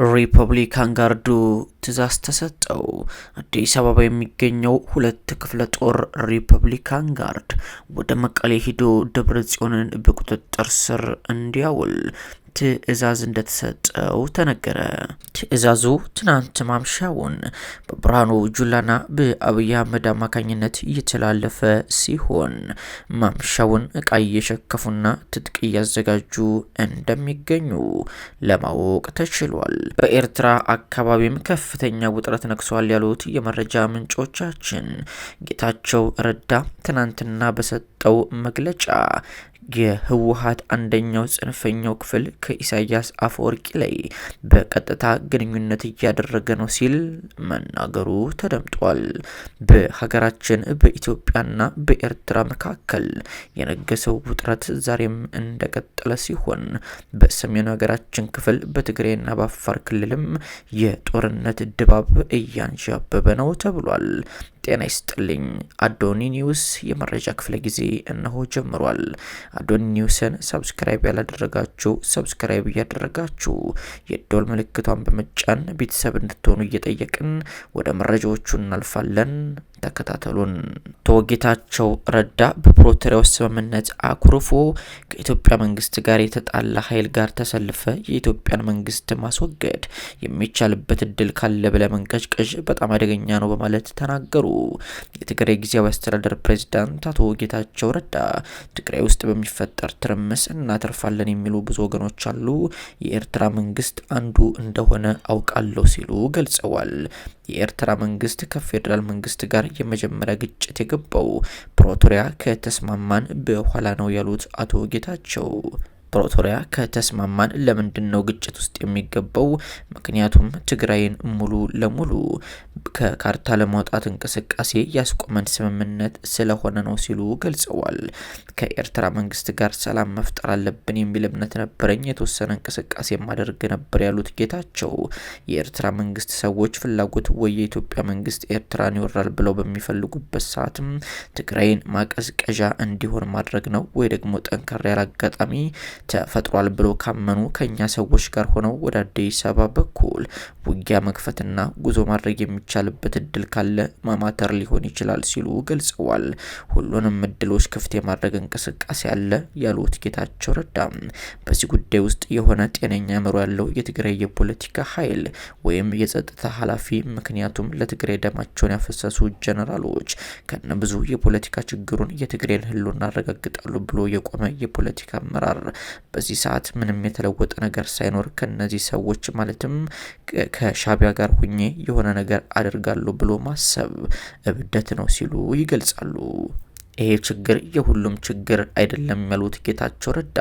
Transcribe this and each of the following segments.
Republik Kanggar ትእዛዝ ተሰጠው። አዲስ አበባ የሚገኘው ሁለት ክፍለ ጦር ሪፐብሊካን ጋርድ ወደ መቀሌ ሂዶ ደብረ ጽዮንን በቁጥጥር ስር እንዲያውል ትእዛዝ እንደተሰጠው ተነገረ። ትእዛዙ ትናንት ማምሻውን በብርሃኑ ጁላና በአብይ አህመድ አማካኝነት እየተላለፈ ሲሆን ማምሻውን እቃ እየሸከፉና ትጥቅ እያዘጋጁ እንደሚገኙ ለማወቅ ተችሏል። በኤርትራ አካባቢም ከፍ ከፍተኛ ውጥረት ነግሷል ያሉት የመረጃ ምንጮቻችን ጌታቸው ረዳ ትናንትና በሰጠው መግለጫ የህወሀት አንደኛው ጽንፈኛው ክፍል ከኢሳያስ አፈወርቂ ላይ በቀጥታ ግንኙነት እያደረገ ነው ሲል መናገሩ ተደምጧል። በሀገራችን በኢትዮጵያና በኤርትራ መካከል የነገሰው ውጥረት ዛሬም እንደቀጠለ ሲሆን በሰሜኑ ሀገራችን ክፍል በትግራይና በአፋር ክልልም የጦርነት ድባብ እያንዣበበ ነው ተብሏል። ጤና ይስጥልኝ። አዶኒ ኒውስ የመረጃ ክፍለ ጊዜ እነሆ ጀምሯል። አዶኒ ኒውስን ሰብስክራይብ ያላደረጋችሁ ሰብስክራይብ እያደረጋችሁ የዶል ምልክቷን በመጫን ቤተሰብ እንድትሆኑ እየጠየቅን ወደ መረጃዎቹ እናልፋለን። ተከታተሉን። ተወጌታቸው ረዳ በፕሪቶሪያው ስምምነት አኩርፎ ከኢትዮጵያ መንግስት ጋር የተጣላ ኃይል ጋር ተሰልፈ የኢትዮጵያን መንግስት ማስወገድ የሚቻልበት እድል ካለ ብለ መንቀጭቀጭ በጣም አደገኛ ነው በማለት ተናገሩ። የትግራይ ጊዜያዊ አስተዳደር ፕሬዚዳንት አቶ ጌታቸው ረዳ ትግራይ ውስጥ በሚፈጠር ትርምስ እናተርፋለን የሚሉ ብዙ ወገኖች አሉ፣ የኤርትራ መንግስት አንዱ እንደሆነ አውቃለሁ ሲሉ ገልጸዋል። የኤርትራ መንግስት ከፌዴራል መንግስት ጋር የመጀመሪያ ግጭት የገባው ፕሮቶሪያ ከተስማማን በኋላ ነው ያሉት አቶ ጌታቸው ፕሮቶሪያ ከተስማማን ለምንድን ነው ግጭት ውስጥ የሚገባው? ምክንያቱም ትግራይን ሙሉ ለሙሉ ከካርታ ለማውጣት እንቅስቃሴ ያስቆመን ስምምነት ስለሆነ ነው ሲሉ ገልጸዋል። ከኤርትራ መንግስት ጋር ሰላም መፍጠር አለብን የሚል እምነት ነበረኝ፣ የተወሰነ እንቅስቃሴ ማደርግ ነበር ያሉት ጌታቸው የኤርትራ መንግስት ሰዎች ፍላጎት ወይ የኢትዮጵያ መንግስት ኤርትራን ይወራል ብለው በሚፈልጉበት ሰዓትም ትግራይን ማቀዝቀዣ እንዲሆን ማድረግ ነው ወይ ደግሞ ጠንከር ያለ አጋጣሚ ተፈጥሯል ብሎ ካመኑ ከእኛ ሰዎች ጋር ሆነው ወደ አዲስ አበባ በኩል ውጊያ መክፈትና ጉዞ ማድረግ የሚቻልበት እድል ካለ ማማተር ሊሆን ይችላል ሲሉ ገልጸዋል። ሁሉንም እድሎች ክፍት የማድረግ እንቅስቃሴ አለ ያሉት ጌታቸው ረዳ በዚህ ጉዳይ ውስጥ የሆነ ጤነኛ አእምሮ ያለው የትግራይ የፖለቲካ ኃይል ወይም የጸጥታ ኃላፊ ምክንያቱም ለትግራይ ደማቸውን ያፈሰሱ ጀነራሎች ከነ ብዙ የፖለቲካ ችግሩን የትግራይን ህሉ ያረጋግጣሉ ብሎ የቆመ የፖለቲካ አመራር በዚህ ሰዓት ምንም የተለወጠ ነገር ሳይኖር ከነዚህ ሰዎች ማለትም ከሻቢያ ጋር ሁኜ የሆነ ነገር አደርጋለሁ ብሎ ማሰብ እብደት ነው ሲሉ ይገልጻሉ። ይሄ ችግር የሁሉም ችግር አይደለም ያሉት ጌታቸው ረዳ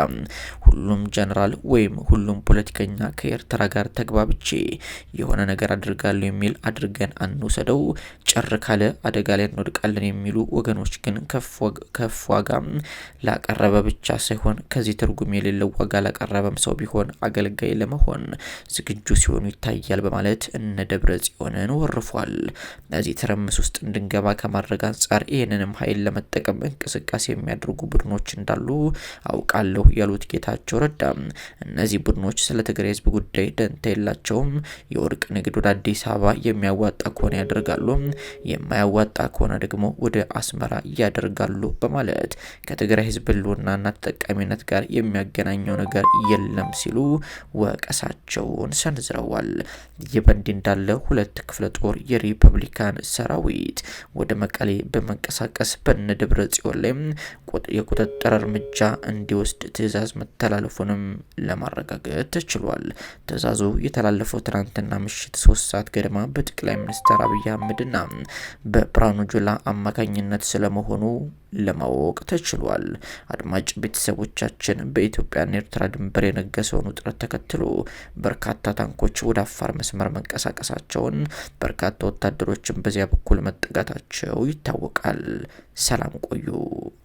ሁሉም ጀነራል ወይም ሁሉም ፖለቲከኛ ከኤርትራ ጋር ተግባብቼ የሆነ ነገር አድርጋለሁ የሚል አድርገን አንውሰደው፣ ጭር ካለ አደጋ ላይ እንወድቃለን የሚሉ ወገኖች ግን ከፍ ዋጋ ላቀረበ ብቻ ሳይሆን ከዚህ ትርጉም የሌለው ዋጋ ላቀረበም ሰው ቢሆን አገልጋይ ለመሆን ዝግጁ ሲሆኑ ይታያል በማለት እነ ደብረ ጽዮንን ወርፏል። በዚህ ትርምስ ውስጥ እንድንገባ ከማድረግ አንጻር ይህንንም ኃይል ለመጠቀም ለመጠቀም እንቅስቃሴ የሚያደርጉ ቡድኖች እንዳሉ አውቃለሁ ያሉት ጌታቸው ረዳ እነዚህ ቡድኖች ስለ ትግራይ ህዝብ ጉዳይ ደንታ የላቸውም። የወርቅ ንግድ ወደ አዲስ አበባ የሚያዋጣ ከሆነ ያደርጋሉ፣ የማያዋጣ ከሆነ ደግሞ ወደ አስመራ ያደርጋሉ በማለት ከትግራይ ህዝብ ህልውናና ተጠቃሚነት ጋር የሚያገናኘው ነገር የለም ሲሉ ወቀሳቸውን ሰንዝረዋል። ይህ በእንዲህ እንዳለ ሁለት ክፍለ ጦር የሪፐብሊካን ሰራዊት ወደ መቀሌ በመንቀሳቀስ በነደብረ ደብረ ጽዮን ላይ የቁጥጥር እርምጃ እንዲወስድ ትዕዛዝ መተላለፉንም ለማረጋገጥ ተችሏል። ትዕዛዙ የተላለፈው ትናንትና ምሽት ሶስት ሰዓት ገደማ በጠቅላይ ሚኒስትር አብይ አህመድና በብርሃኑ ጁላ አማካኝነት ስለመሆኑ ለማወቅ ተችሏል። አድማጭ ቤተሰቦቻችን በኢትዮጵያና ኤርትራ ድንበር የነገሰውን ውጥረት ተከትሎ በርካታ ታንኮች ወደ አፋር መስመር መንቀሳቀሳቸውን፣ በርካታ ወታደሮችን በዚያ በኩል መጠጋታቸው ይታወቃል። ሰላም ቆዩ።